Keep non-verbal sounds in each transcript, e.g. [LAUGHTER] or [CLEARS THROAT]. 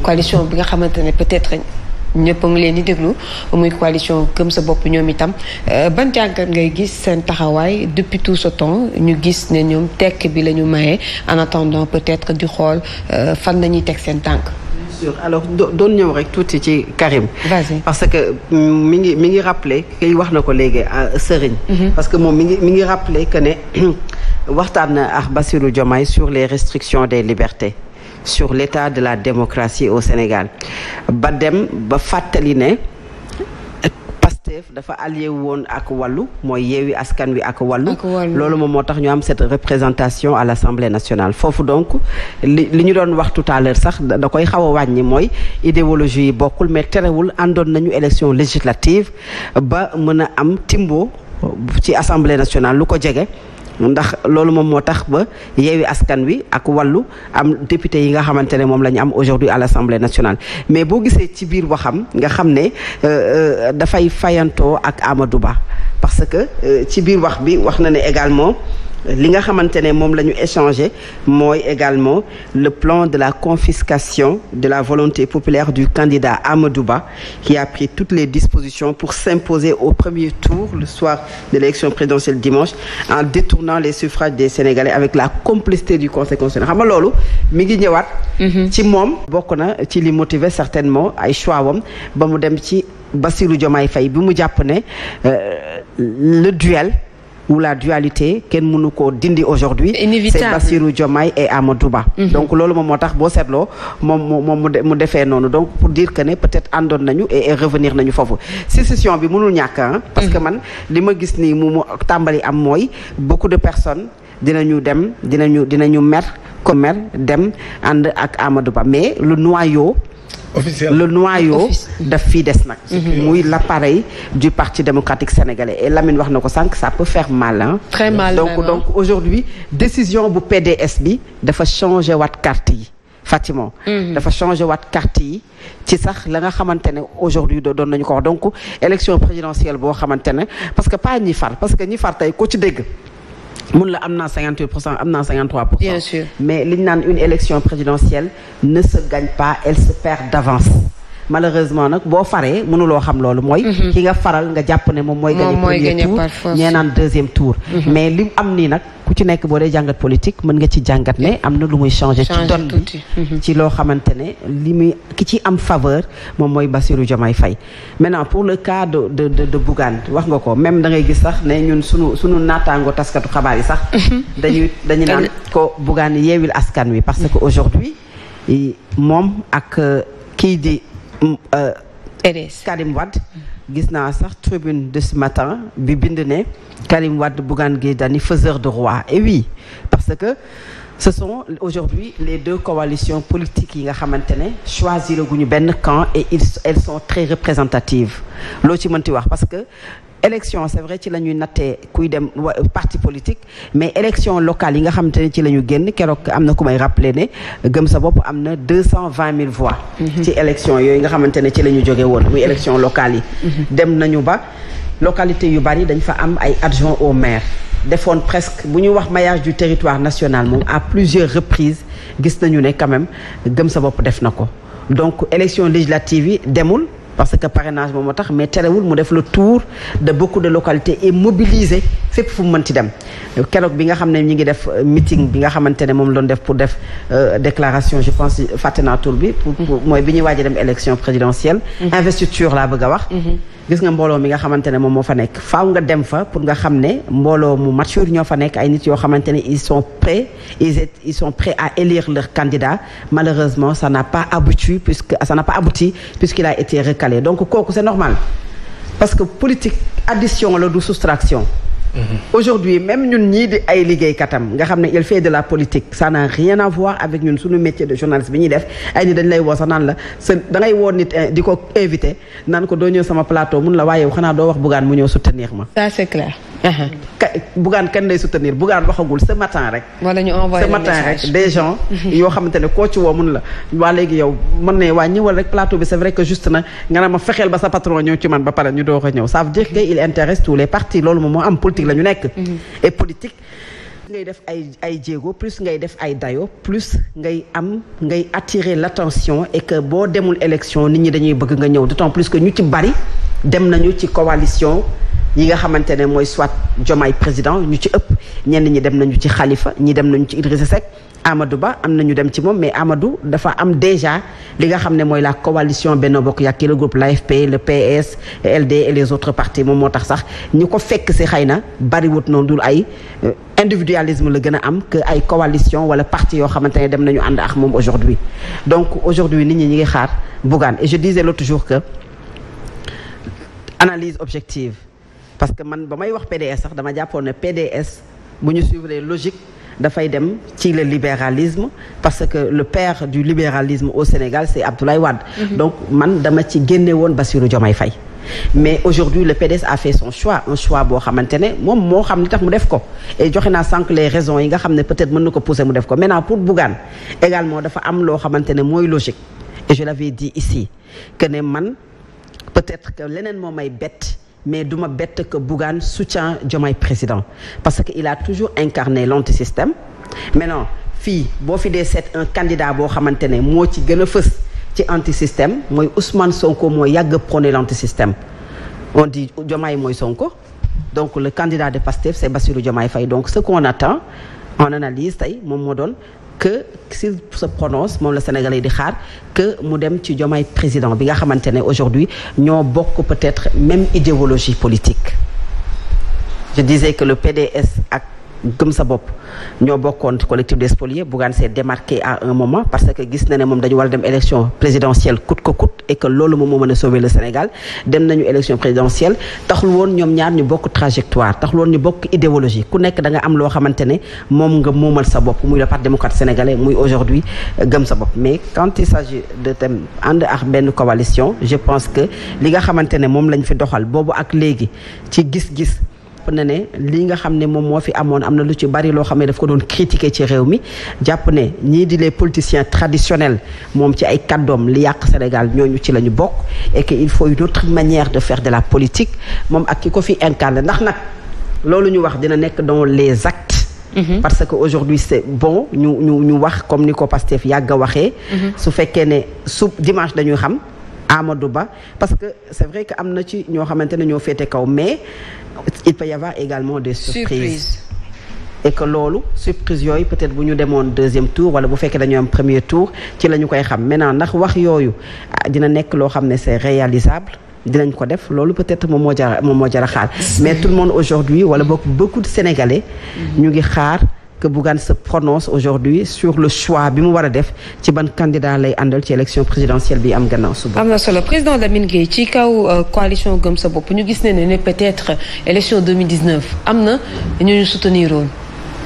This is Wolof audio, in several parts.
coalition bi nga xamante ne peut-être ñëpp a ngi leen di déglu muy coalition comme sa bopp ñoom itam euh, ban jàngat ngay gis seen taxawaay depuis tout ce ñu gis ne ñoom tekk bi la ñu maye en attendant peut-être di xool euh, fan la ñuy teg seen tànk. alors doon ñëw rek tuuti ci Karim parce que mm, mi ngi mi ngi rappelé kay wax na ko léegi euh, sëriñ mhm. parce que moom mi ngi mi ngi rappelé que ne [CLEARS THROAT] waxtaan na ak Bassirou Diomaye sur les restrictions des libertés sur l'état de la démocratie au Sénégal ba dem ba fàttali ne Pastef dafa allié woon ak wàllu mooy yeewi askan wi ak wàllu loolu moom moo tax ñu am cette représentation à l'Assemblée nationale foofu donc li li ñu doon waxtu tout à l'heure sax da koy xaw a wàññi mooy idéologie yi bokkul mais terewul àndoon nañu élection législative ba mën a am timbo ci Assemblée nationale lu ko jege ndax loolu moom moo tax ba yeewi askan wi ak wàllu am député yi nga xamante ne moom la ñu am aujourd'hui à l'Assemblée nationale mais boo gisee ci biir waxam nga xam ne euh, euh, dafay fayantoo ak Amadou Ba parce que euh, ci biir wax bi wax na ne également li nga xamante ne moom la ñu échangé mooy également le plan de la confiscation de la volonté populaire du candidat Amadou Ba qui a pris toutes les dispositions pour s'imposer au premier tour le soir de l'élection présidentielle dimanche en détournant les suffrages des Sénégalais avec la complicité du Conseil constitutionnel xam nga loolu mi ngi ñëwaat mm-hmm. ci moom bokk na ci li motiver certainement ay choix wam ba mu dem ci Bassirou Diomaye Faye bi mu jàpp ne euh, le duel où la dualité kenn munu koo dindi aujourd'hui c'est Bassirou Diomaye et Amadou Ba mm -hmm. donc loolu moom moo tax boo seetloo moom moom mu defee noonu donc pour dire que ne peut-être àndoon nañu et, revenir nañu foofu suspicion bi mënul ñàkk parce que mhm. man li ma gis nii mu mu tàmbali am mooy beaucoup de personnes dinañu dem dinañu dinañu mer comme mer dem ànd ak Amadou Ba mais le noyau officiel le noyau daf fii des nag. Mm-hmm. muy l' appareil du parti démocratique sénégalais et Lamine wax na ko sànq sa peut faire mal hein. très mal donc même. donc aujourd'hui décision bu PDS bi dafa changé waat carte yi. Fatima. Mm-hmm. dafa changé waat carte yi ci sax la nga xamante ne aujourd'hui doon nañu ko wax donc élection présidentielle boo xamante ne parce que pas ñi far parce que ñi far tey ko ci dégg. mun la am naa 58 pour cent am naa 53 pour li ñu naan une élection présidentielle ne se gagne pas elle se perd malheureusement nag boo faree mënuloo xam loolu mooy mhm. ki nga faral nga jàpp ne moom mooy gagné premier tour ñee naan deuxième tour mhm. mais li am nii nag ku ci nekk boo dee jàngat politique mën nga ci jàngat ne am na lu muy changé ci don bi mhm. ci loo xamante ne li muy ki ci am faveur moom mooy Bassirou Diomaye Faye maintenant pour le cas de de de wax nga ko même da ngay gis sax ne ñun sunu sunu naataango taskatu xabaar yi sax dañuy dañu naan ko Bougane yeewil askan wi parce que aujourd'hui moom ak euh, kii di RS mm, euh, Karim gis naa sax tribune de ce matin bi bind ne Karim Wade Bougane Gueye Dany faiseur de roi et oui parce que ce sont aujourd'hui les deux coalitions politiques yi nga xamante ne choisir guñu benn camp et ils elles sont très représentatives loo ci wax parce que élection c'est vrai ci la ñuy nattee kuy dem parti politique mais élection locale yi nga xamante ne ci la ñu génn keroog am na ku may rappelé ne gëm sa bopp am na deux cent vingt mille voix. Mhm. ci élection yooyu nga xamante ne ci la ñu jóge woon muy élection locale yi. Mhm. dem nañu ba localité yu bari dañ fa am ay adjoint au maire. defoon presque bu ñuy wax maillage du territoire national moom à plusieurs reprises gis nañu ne quand gëm sa bopp def na ko donc élection législative yi demul. parce que parrainage moom moo tax mais terewul mu def le tour de beaucoup de localités et mobiliser fépp fu mu mënti dem keroog bi nga xam ne ñu ngi def euh, meeting bi nga xamante ne moom doon def pour def euh, déclaration je pense fàtte naa tur bi pour pour mm-hmm. mooy bi ñuy waaj a dem élection présidentielle mm-hmm. investiture laa bëgg a wax mm-hmm. gis nga mbooloo mi nga xamante ne moom moo fa nekk faaw nga dem fa pour nga xam ne mbooloo mu mature ñoo fa nekk ay nit yoo xamante ne ils sont prêts ils ils sont prêts à élire leur candidat malheureusement ça n'a pas abouti puisque ça n'a pas abouti puisqu'il a été donc kooku c'est normal parce que politique addition la du Mm-hmm. aujourd'hui même ñun ñii di ay liggéey katam nga xam ne il fait de la politique ça n'a rien à voir avec ñun suñu métier de journaliste bi ñuy def ay ni dañ lay woo sax naan la sa da woo nit eh, di ko invité naan ko doo ñëw sama plateau mun la waaye xanaa doo wax buggaan mu ñëw neex ma ça c'est clair ka Bougane kan lay soutenir Bougane waxagul ce matin rek. wala ñu envoyé ce matin rek des gens. [LAUGHS] yoo xamante ne koo ci woo mun la. waa léegi yow mën ne waa ñëwal rek plateau bi c'est vrai que juste na nga ne ma fexeel ba sa patron ñëw ci man ba pare ñu doog a ñëw ça veut dire que il intéresse tous les partis loolu moom mhm. ngay def ay ay jéego plus ngay def ay dayo plus ngay am ngay attirer l'attention et que boo demul élection nit ñi dañuy bëgg nga ñëw d'autant plus que ñu ci bari dem nañu ci coalition. ñi nga xamante ne mooy soit Jomaay président ñu ci ëpp ñenn ñi dem nañu ci xalifa ñi dem nañu ci Idrissa Seck Amadou Ba am na ñu dem ci moom mais Amadou dafa am déjà li nga xam ne mooy la coalition benn Bokk Yakaar le groupe l'AFP le PS LD et les autres partis moom moo tax sax ñu ko fekk si xëy na bariwut noonu dul ay euh, individualisme la gën a am que ay coalition wala parti yoo xamante ne dem nañu ànd ak moom aujourd'hui donc aujourd'hui nit ñi ñi ngi xaar Bougane et je disais l'autre jour que parce que man ba may wax PDS sax dama jàppoon ne PDS bu ñu suivre logique dafay dem ci le libéralisme parce que le père du libéralisme au Sénégal c'est Abdoulaye Wade. Mm donc man dama ci génne woon Bassirou Diomaye Faye. mais aujourd'hui le PDS a fait son choix un choix boo xamante ne moom moo xam li tax mu def ko et joxe naa sànq les raisons yi nga xam ne peut-être mën na ko pousser mu def ko maintenant pour Bougane également dafa am loo xamante ne mooy logique et je l'avais que ne man peut-être que leneen moo may bett mais duma bett que Bougane soutient Diomaye président parce que il a toujours incarné l'antisystème maintenant fii boo fi dee set un candidat boo xamante ne moo ci gën a fës ci antisystème mooy Ousmane Sonko moo yàgg prôné système on dit Diomaye mooy Sonko donc le candidat de Pastef c'est Bassirou Diomaye fay donc ce qu'on attend en analyse tey moom moo doon que s'il se prononce moom la Sénégalais di xaar que mu dem ci Diomaye président bi nga xamante ne aujourd'hui ñoo bokk peut-être même idéologie politique je disais que le PDS ak gëm sa bopp ñoo bokkoon collectif des spoliés Bougane s'est démarqué à un moment parce que gis na ne moom dañu war a dem élection présidentielle coûte que coûte et que loolu moom moo mën a sauver le Sénégal dem nañu élection présidentielle taxul woon ñoom ñaar ñu bokk trajectoire taxul woon ñu bokk idéologie ku nekk danga am loo xamante ne moom nga moomal sa bopp muy le parti démocrate sénégalais muy aujourd'hui euh, gëm sa bopp mais quand il sage de thème ànd ak benn coalition je pense que li nga xamante ne moom lañ fi doxal boobu ak léegi ci gis-gis jàpp na ne li nga xam ne moom moo fi amoon am na lu ci bari loo xam ne daf ko doon critiquer ci réew mi jàpp ne ñii di les politiciens traditionnels moom ci ay kàddoom li yàq Sénégal ñooñu ci la ñu bokk et il faut une autre manière de faire de la politique moom ak ki ko fi incarné ndax nag loolu ñu wax dina nekk dans les actes mhm. parce que aujourd'hui c'est bon ñu ñu ñu wax comme ni ko Pastef yàgg a waxee mhm. su fekkee ne su dimanche dañuy xam Amadou Ba parce que c'est vrai que am na ci ñoo xamante ne ñoo féete kaw mais il peut y avoir également des surprises Surprise. et loolu surprise yooyu peut-être bu ñu demoon deuxième tour wala bu fekkee dañoo am premier tour ci la ñu koy xam maintenant ndax wax yooyu ah, dina nekk loo xam ne c'est réalisable dinañ ko def loolu peut-être moom moo jar moom moo jar a xaar mais tout le monde aujourd'hui wala bokk beaucoup de Sénégalais mm-hmm. ñu ngi xaar que Bougane se prononce aujourd'hui sur le choix bi mu war a def ci ban candidat lay àndal ci élection présidentielle bi am gannaaw suba. am na solo président Lamine Gueye ci kaw euh, coalition Gëm sa bopp ñu gis ne ne peut-être élection am na ñu ñu soutenir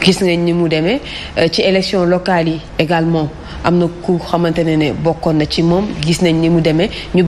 gis nga ni mu demee euh, ci élection locale yi également am na ku xamante ne ne bokkoon na ci moom gis nañ ni mu demee.